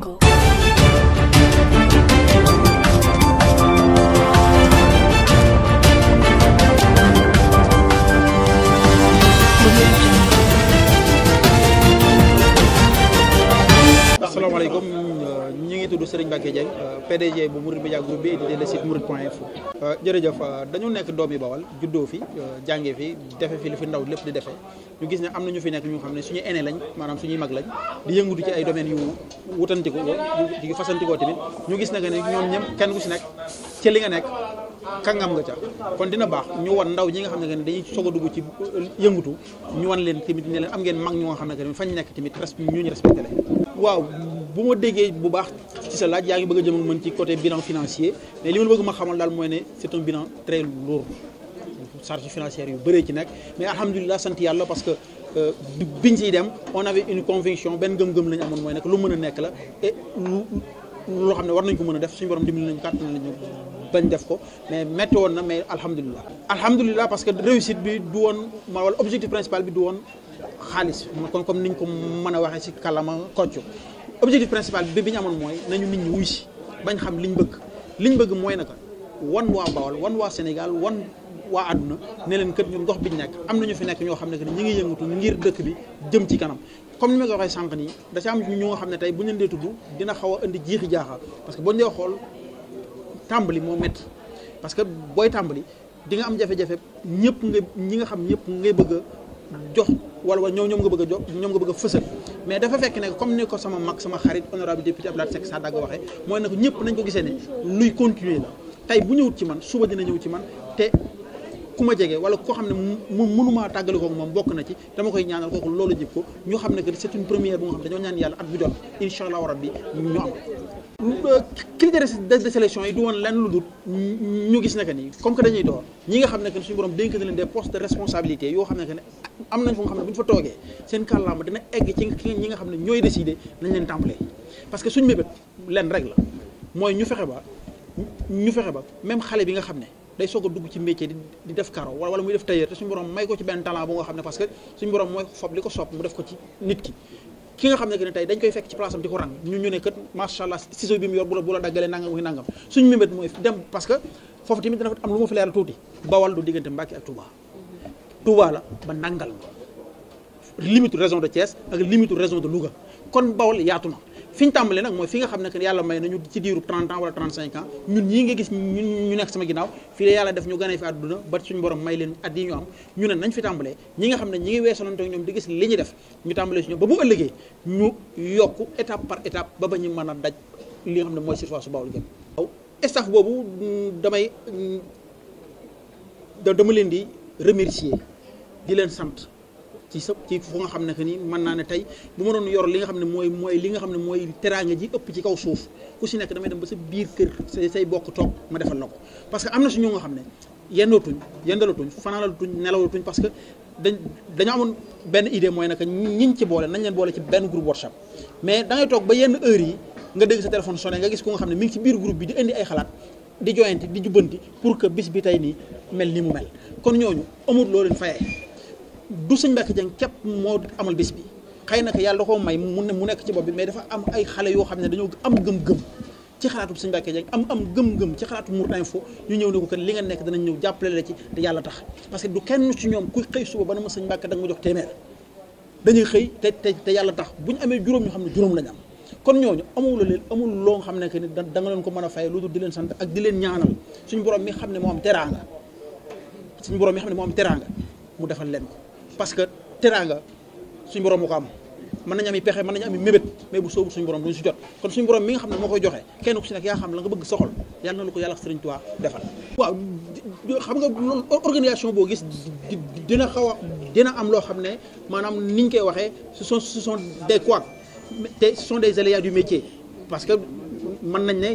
jungle asalaamaaleykum ñu ngi tudd Serigne Mbacké Dieng PDG bu Mouride Media Group bi édité le site mouride.info. jërëjëf dañu nekk doomi Bawal juddoo fi jàngee fi defe fi li fi ndaw lépp di defee ñu gis ne am na ñu fi nekk ñu xam ne suñu aîné lañ maanaam suñuy mag lañ di yëngutu ci ay domaines yu wutantiku yu fasantikoo tamit ñu gis nag ne ñoom ñëpp kenn ku si nekk ci li nga nekk kàngam nga ca kon dina baax ñu wan ndaw ñi nga xam ne dañuy soog a dugg ci yëngutu ñu wan leen tamit ne leen am ngeen mag ñu nga xam ne fañ nekk tamit ñu ñu respecté la waaw bu ma déggee bu baax ci sa laaj yaa ngi bëgg a jëm ak man ci côté bilan financier mais li ma bëgg ma xamal daal mooy ne c'est un bilan très lourd charge financière yu bëree ci nekk mais alhamdulilah sant yàlla parce que euh, biñ siy dem on avait une conviction benn gëm-gëm la ñu amoon mooy nekk lu mën a nekk la loo xam ne war nañ ko mën a def suñu borom dimbali nañ kàttan nañu bañ def ko mais métti woon na mais alhamdulilah. alhamdulilah parce que réussite bi du woon ma wala objectif bi du woon. xaalis kon comme ni ñu ko mën a waxee ci kàllaama kocc objectif principal bi bi ñu amoon mooy nañu nit ñi wuy si bañ xam liñ bëgg liñ bëgg mooy naka wan waa Bawol wan waa Sénégal wan waa àdduna ne leen kët ñun bi ñu nekk am na ñu fi nekk ñoo xam ne que ni ñi ngi yëngatu ngir dëkk bi jëm ci kanam comme ko waxee sànq nii da ci am ñoo xam ne tey bu ñu leen dee tudd dina xaw a indi jiixi jaaxa parce que boo dee xool tàmbali moo métti parce que booy tàmbali di nga am jafe-jafe ñëpp nga ñi nga xam ñëpp ngay bëgg jox wala wala ñoom ñoom nga bëgg a jox ñoom nga bëgg a mais dafa fekk ne comme ni ko sama mag sama xarit honorable député Abdoulaye Seck Sadaga waxee mooy ne ko ñëpp nañ ko gisee ne luy continuer la tey bu ñëwut ci man suba dina ñëw ci man te ku ma jege wala koo xam ne mu mënumaa tàggale ko moom bokk na ci dama koy ñaanal kooku loolu jib ko ñu xam ne que c'est une première bu nga xam dañoo ñaan yàlla at bu jot incha allah rabbi ñu am Euh, critères de sélection yi du woon lenn lu dul ñu gis ne que ni comme que dañuy door ñi nga xam ne que suñu borom dénk na leen des postes de responsabilité yoo xam ne que nga xam ne bu ñu fa toogee seen kàllaama dina egg ñi nga xam ne ñooy décider nañ leen templer parce que suñu mébét rek la mooy ñu fexe ba ñu fexe ba même xale bi nga xam ne day soog a dugg ci métier di def karo wala wala muy def tailleur te suñu borom may ko ci benn talent bu nga xam ne parce que suñu borom mooy fob li ko sopp mu def ko ci nit ki ki nga xam ne que ne tey dañ koy fekk ci place am di ko rang ñu ñu ne kat macha allah ciseau bi mu yor bu la bu la daggalee nangam ak nangam suñu mébét mooy dem parce que foofu tamit dana fa am lu ma fi leeral tuuti bawal du diggante Mbàkke ak Touba Touba la ba nangal ma limite raison de Thiès ak limite raison de Louga kon bawal yaatu na fi ñu tàmbalee nag mooy fi nga xam ne que yàlla may nañu ci diiru 30 ans wala 35 ans ñun ñii nga gis ñun ñu nekk sama ginnaaw fii la yàlla def ñu ganee fi àdduna ba suñu borom may leen at yi ñu am ñu ne nañ fi tàmbalee ñi nga xam ne ñi ngi weesalante ak ñoom di gis li ñu def ñu tàmbalee si ñoom ba bu ëllëgee ñu yokk étape par étape ba ba ñu man a daj li nga xam ne mooy surface su Baol Guéme waaw staff boobu mm, damay mm, dama leen di remercier di leen sant ci sa ci fu nga xam ne que ni mën naa ne tey bu ma doon yor li nga xam ne mooy mooy li nga xam ne mooy teraanga ji ëpp ci kaw suuf ku si nekk damay dem ba sa biir kër say say bokk toog ma defal la ko parce que am na ñoo nga xam ne yendootuñ yendalatuñ fanaanalatuñ nelawatuñ parce que dañ dañu amoon benn idée mooy naka ñiñ ci boole nañ leen boole ci benn groupe mais da ngay yenn heure yi nga dégg sa téléphone sonné nga gis ko nga xam ne mi ngi ci biir groupe bi di indi ay xalaat di joyanti di bi tey nii mel ni mu mel kon ñooñu amul loo leen fayee du sëñ Mbacke Dieng képp moo amal bis bi xëy na yàlla da koo may mu mu nekk ci bopp bi mais dafa am ay xale yoo xam ne dañoo am gëm-gëm ci xalaatu sëñ Mbacke Dieng am am gëm-gëm ci xalaatu Mourides Info ñu ñëw ne ko kat li nga nekk danañ ñëw jàppale la ci te yàlla tax parce que du kenn ci ñoom kuy xëy suba ba na ma sëñ Mbacke da nga ma jox dañuy xëy te te te yàlla tax bu ñu amee juróom ñu xam ne juróom lañ am kon ñooñu amul leen amul loo xam ne que ni da nga leen ko mën a fay lu dul di leen sant ak di leen ñaanal suñu borom xam ne moo am suñu borom mi xam ne moo am mu defal leen ko parce que teraanga suñu borom moo ko am man nañ am i pexe mën nañ am i mébét mais bu soobu suñu borom duñu si jot kon suñ borom mi nga xam ne moo koy joxe kenn ku si yaa xam la nga bëgg soxal yàlla na lu ko loolu organisation boo gis dina xaw a dina am loo xam ne maanaam niñ koy waxee ce sont ce sont des couacs te ce sont des aléas du métier parce que mën nañ ne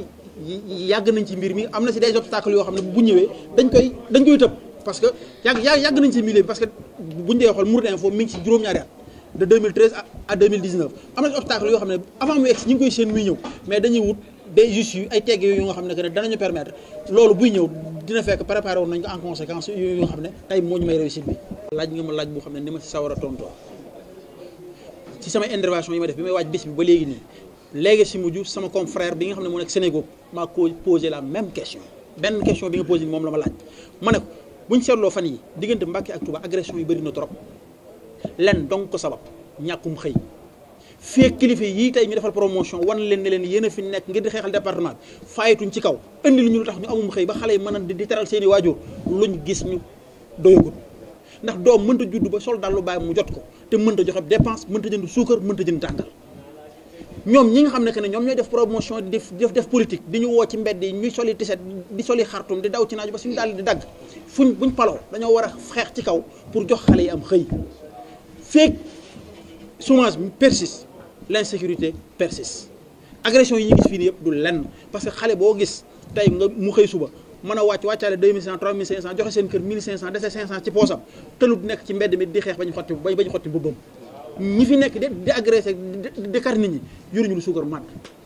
yàgg nañ ci mbir mi am na si des obstacles yoo xam ne bu ñëwee dañ koy dañ koy tëb parce que yàgg yàgg nañ si milieu parce bu ñu dee xool Mourides Info mi ngi ci juróom-ñaari at de 2013 à 2019 am nañu obstacle yoo xam ne avant muy egsi ñu ngi koy seen muy ñëw mais dañuy wut des juste yu ay tegg yooyu nga xam ne que ne danañu permettre loolu buy ñëw dina fekk préparé woon nañ ko en conséquence yooyu nga xam ne tey moo ñu may réussite bi. laaj nga ma laaj boo xam ne ni ma si sawar a tontoo ci sama intervention yi ma def bi may waaj bis bi ba léegi nii léegi si mujj sama confrère bi nga xam ne moo nekk Sénégal maa ko posé la même question benn question bi nga moom la ma laaj ma ne ko bu ñu seetloo fan yi diggante Mbàkke ak Touba agression yi bëri na trop lenn donc ko sabab ñàkkum xëy fee kilifa yii tey ñu defal promotion wan leen ne leen yéen a fi nekk ngir di xeexal département bi fayetuñ ci kaw indi lu ñu lu tax ñu amum xëy ba xale yi mën a di teral seeni i waajur luñ gis ñu doyagut ndax doom mënta judd ba sol daal lu bàyyi mu jot ko te mënta joxe dépense mënta jënd suukar mënta jënd tàngal ñoom ñi nga xam ne que ne ñoom ñooy def promotion di def def politique di ñu woo ci mbedd yi ñuy soli tiset di soli xartum di daw ci naaj ba suñu daal di dagg fuñ buñ paloo dañoo war a xeex ci kaw pour jox xale yi am xëy feeg chômage bi persiste l'insécurité persiste agression yi ñu gis fii nii yëpp du lenn parce que xale boo gis tey nga mu xëy suba mën a wàcc wàccaale 2500 3500 joxe seen kër 1500 dese 500 ci poosam tëlut nekk ci mbedd mi di xeex bañ xotti ba bañ xotti mbubbam ñi fi nekk di di agressé di kar nit ñi yoruñu lu suukar màtt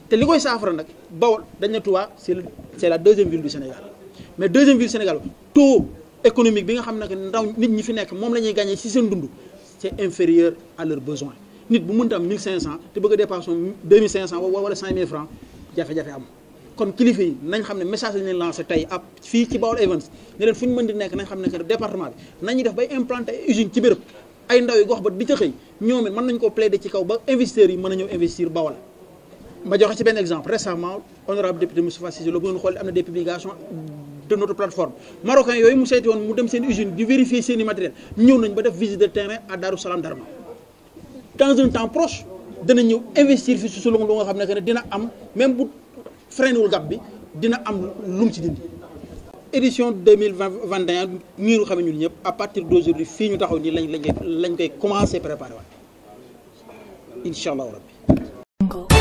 te li koy saafara nag Bawol dañ ne Touba c'est la deuxième ville du Sénégal mais deuxième ville Sénégal taux économique bi nga xam ne ndaw nit ñi fi nekk moom la ñuy gagné ci seen dund c' est inférieur à leurs besoins nit bu mënta am 1500 te bëgg a dépassé 2500 jafe-jafe am kon kilifa yi nañ xam ne message lañ leen lancé tey ab fii ci Baol Events ne leen fu ñu mën di nekk nañ xam ne que département bi nañuy def bay implanté ay usine ci béréb ay ndaw yi gox ba di ca xëy ñoom mën nañ ko plaider ci kaw ba investisseurs yi mën a ñëw investir Baol ma joxe ci benn exemple récemment honorable député Moustapha Cissé Lo de notre plateforme marocain yooyu mu seeti woon mu dem seen usine di vérifier seen i matériel ñëw nañ ba def visite de terrain à Darou Salam Darma dans un temps proche dana ñëw investir fi su su lu nga xam ne que ne dina am même bu freiné wul gab bi dina am lu mu ci dindi édition 2021 nii nga xam ne ñun ñëpp à partir d'aujourd'hui fii ñu taxaw nii lañ lañ koy lañ koy commencé préparé waat incha allahu rabbi